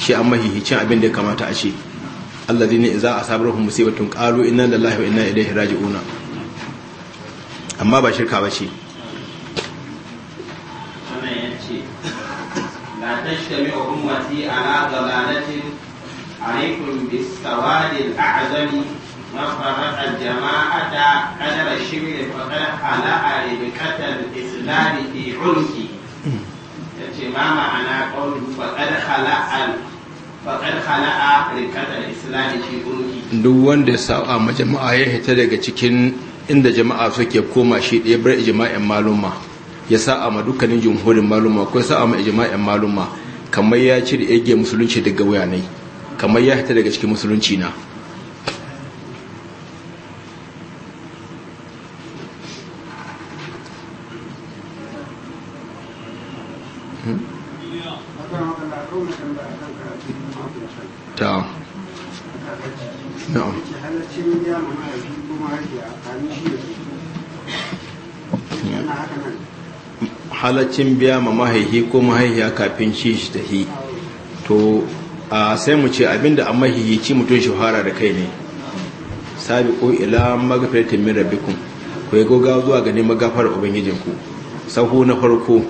shi an mahihicin abin da ya kamata a ce alladhina zai asabatuhum musibatun qalu inna lillahi wa inna ilaihi raji'una amma ba shirka ba ce لا تجتمع أمتي على ضلالة عليكم بالسواد الأعظم وفرق قوله فقد duk wanda ya sa'a ma jama'a ya hita daga cikin inda jama'a suke koma shi ɗaya bar ijima'in maluma ya sa'a ma dukkanin jumhurin maluma ko ya sa'a ma ijima'in maluma kamar ya ya yage musulunci daga wuyanai kamar ya hita daga cikin musulunci na Hmm? halaccin biya ma mahaihi ko mahaihiya kafin shi ta hi to a sai mu ce abinda a ci mutum shahara da kai ne sabi ko ila magafirtin min ku goga zuwa ganin magafar gafar ubangijinku sahu na farko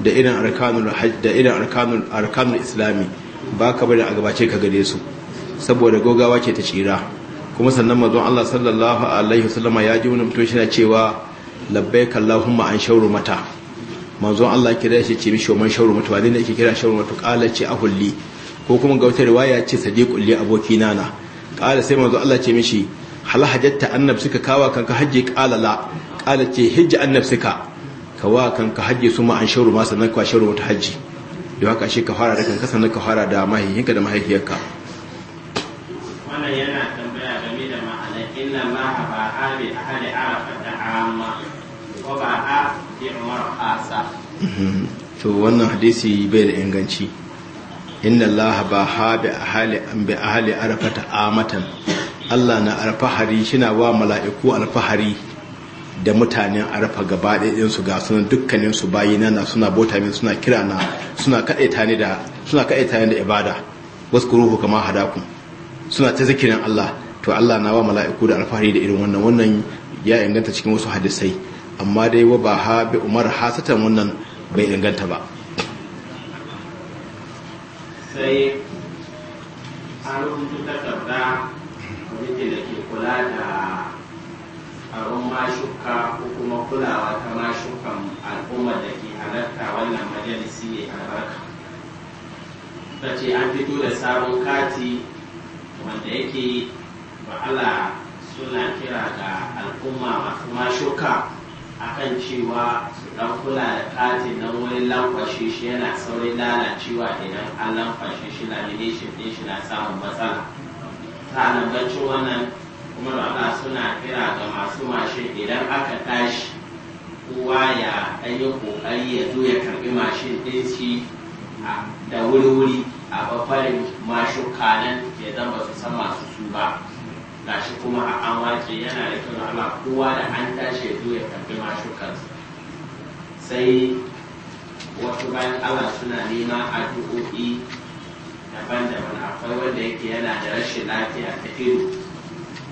da irin arkanul hajj da irin arkanul arkanul islami baka bari a gabace ka gare su saboda gogawa ce ta tsira kuma sannan manzon Allah sallallahu alaihi wasallama ya ji wani mutum shi cewa labbaik Allahumma an shauru mata manzon Allah kira shi ce mishi man shauru mata wani ne yake kira shauru mata kala ce ahulli ko kuma ga wata riwaya ce sadiqul li aboki nana kala sai manzon Allah ce mishi hal hajjatta annab suka kawa kanka hajji kala la kala ce hijji annab suka ka wa ka hajji su ma an shauru ma sannan ka shauru wata hajji da haka shi ka fara da kanka sannan ka fara da mahaihinka da mahaihiyarka wannan yana tambaya game da ma'ana inna ba a ahli arafa da amma ko ba a umar asa mhm. to wannan hadisi bai da inganci inna allaha ba ha bi ahli an bi arafa ta amatan Allah na alfahari wa mala'iku alfahari da mutanen arafa gaba su ga sunan dukkanin su bayi na suna bota min suna kira na suna kaɗaita ne da suna kaɗaita ne da ibada wasu ruhu kama hadaku suna ta zikirin Allah to Allah na wa mala'iku da alfahari da irin wannan wannan ya inganta cikin wasu hadisai amma dai wa ba ha bi umar hasatan wannan bai inganta ba sai ta rubuta takarda da ke kula da taron mashuka ko kuma kulawa ta mashukan al'ummar da ke halarta wannan majalisi mai albarka ta ce an fito da sabon kati wanda yake ba'ala suna kira ga al'umma masu mashuka akan cewa su dan kula da kati na wurin lankwashe shi yana saurin lalacewa idan an lankwashe shi lamination din shi na samun matsala ta nan wannan kuma baka suna kira ga masu mashin idan aka tashi kowa ya ɗan ƙoƙari ya zo ya karɓi mashin ɗin shi da wuri-wuri a babbarin mashuka kanan ya zama ba su san masu su ba gashi kuma a an wace yana da kyau Allah kowa da an tashi ya zo ya karɓi kansu sai wasu bayan Allah suna nema addu'o'i daban-daban akwai wanda yake yana da rashin lafiya ta ido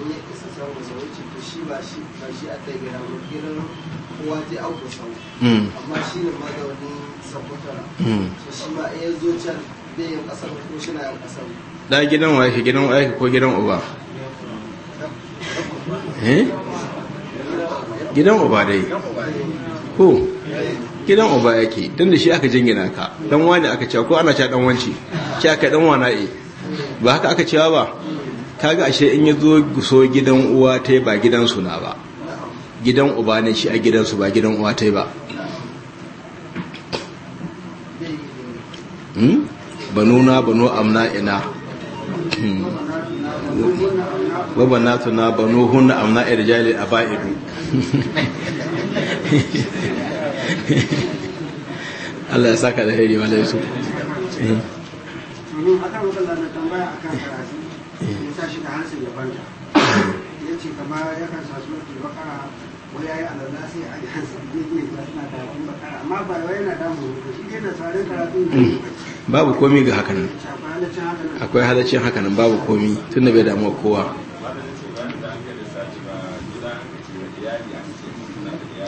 in ya isa san masa wuce to shi ba shi ba shi a ta gira ba kiran kowa je an ku sau amma shi ne ma da wani sakwatara so hmm. shi ma in ya zo can zai yin kasar ko shi na yin kasar da gidan wa yake gidan wa ko gidan uba eh gidan uba dai ko gidan uba yake don da shi aka jingina ka dan wani aka cewa ko ana cewa dan wanci ce aka dan wana e ba haka aka cewa ba kaga ashe in ya zo so gidan uwa ta ba gidan suna ba gidan uba ne shi a gidansu ba gidan uwa ta ba hmm? banuna banu amna ina hmm. na tuna banu hunna amna irjali a ba'idu Allah ya saka da hari wa laisu. Amin, hmm. akan wakil da a kan karatu. sa shi da hansin ya banta ya ce kama ya kan sa suratul bakara wai alalla a yi ne ba suna shi da tsarin babu komi ga hakanan bai damu kowa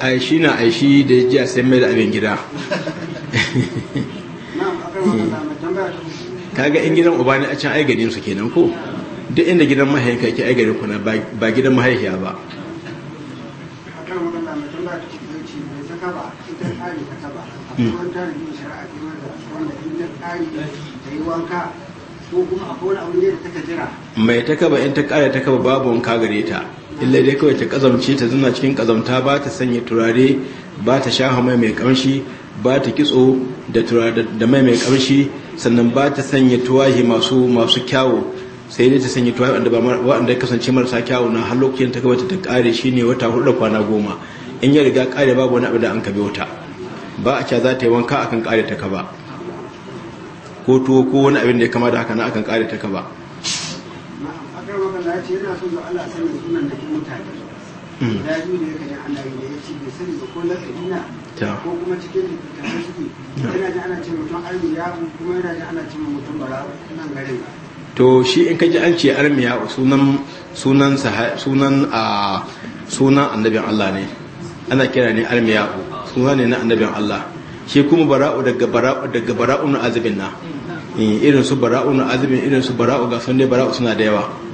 aishi na aishi da ji a sai mai da abin gida kaga in gidan uba ne a can ai ganin su kenan ko duk inda gidan mahaifiya ke ai kuna ba gidan mahaifiya ba mai ta kaba in ta kare ta kaba babu wanka gare ta illa dai kawai ta kazamci ta zina cikin kazamta ba ta sanya turare ba ta sha mai mai kamshi ba ta kitso da mai mai kamshi sannan ba ta sanya tuwahi masu masu kyawu sai dai ta sanya tuwa wanda ba ya kasance marasa kyawu na har lokacin ta gabata ta kare shi ne wata hudu kwana goma in ya riga kare babu wani abu da an kabe wuta ba a ca za ta yi wanka akan kare ta ka ba ko tuwo ko wani abin da ya kama da haka na akan kare ta ka ba ko kuma cikin littattafai suke yana ji ana ce mutum arziya kuma yana ji ana ce mutum bara nan garin to shi in kaji an ce armiya sunan sunan a sunan annabin Allah ne ana kira ne armiya suna ne na annabin Allah shi kuma bara'u daga bara'u daga bara'u na azabin na eh, irin su bara'u na azabin irin su bara'u ga sunne bara'u suna da yawa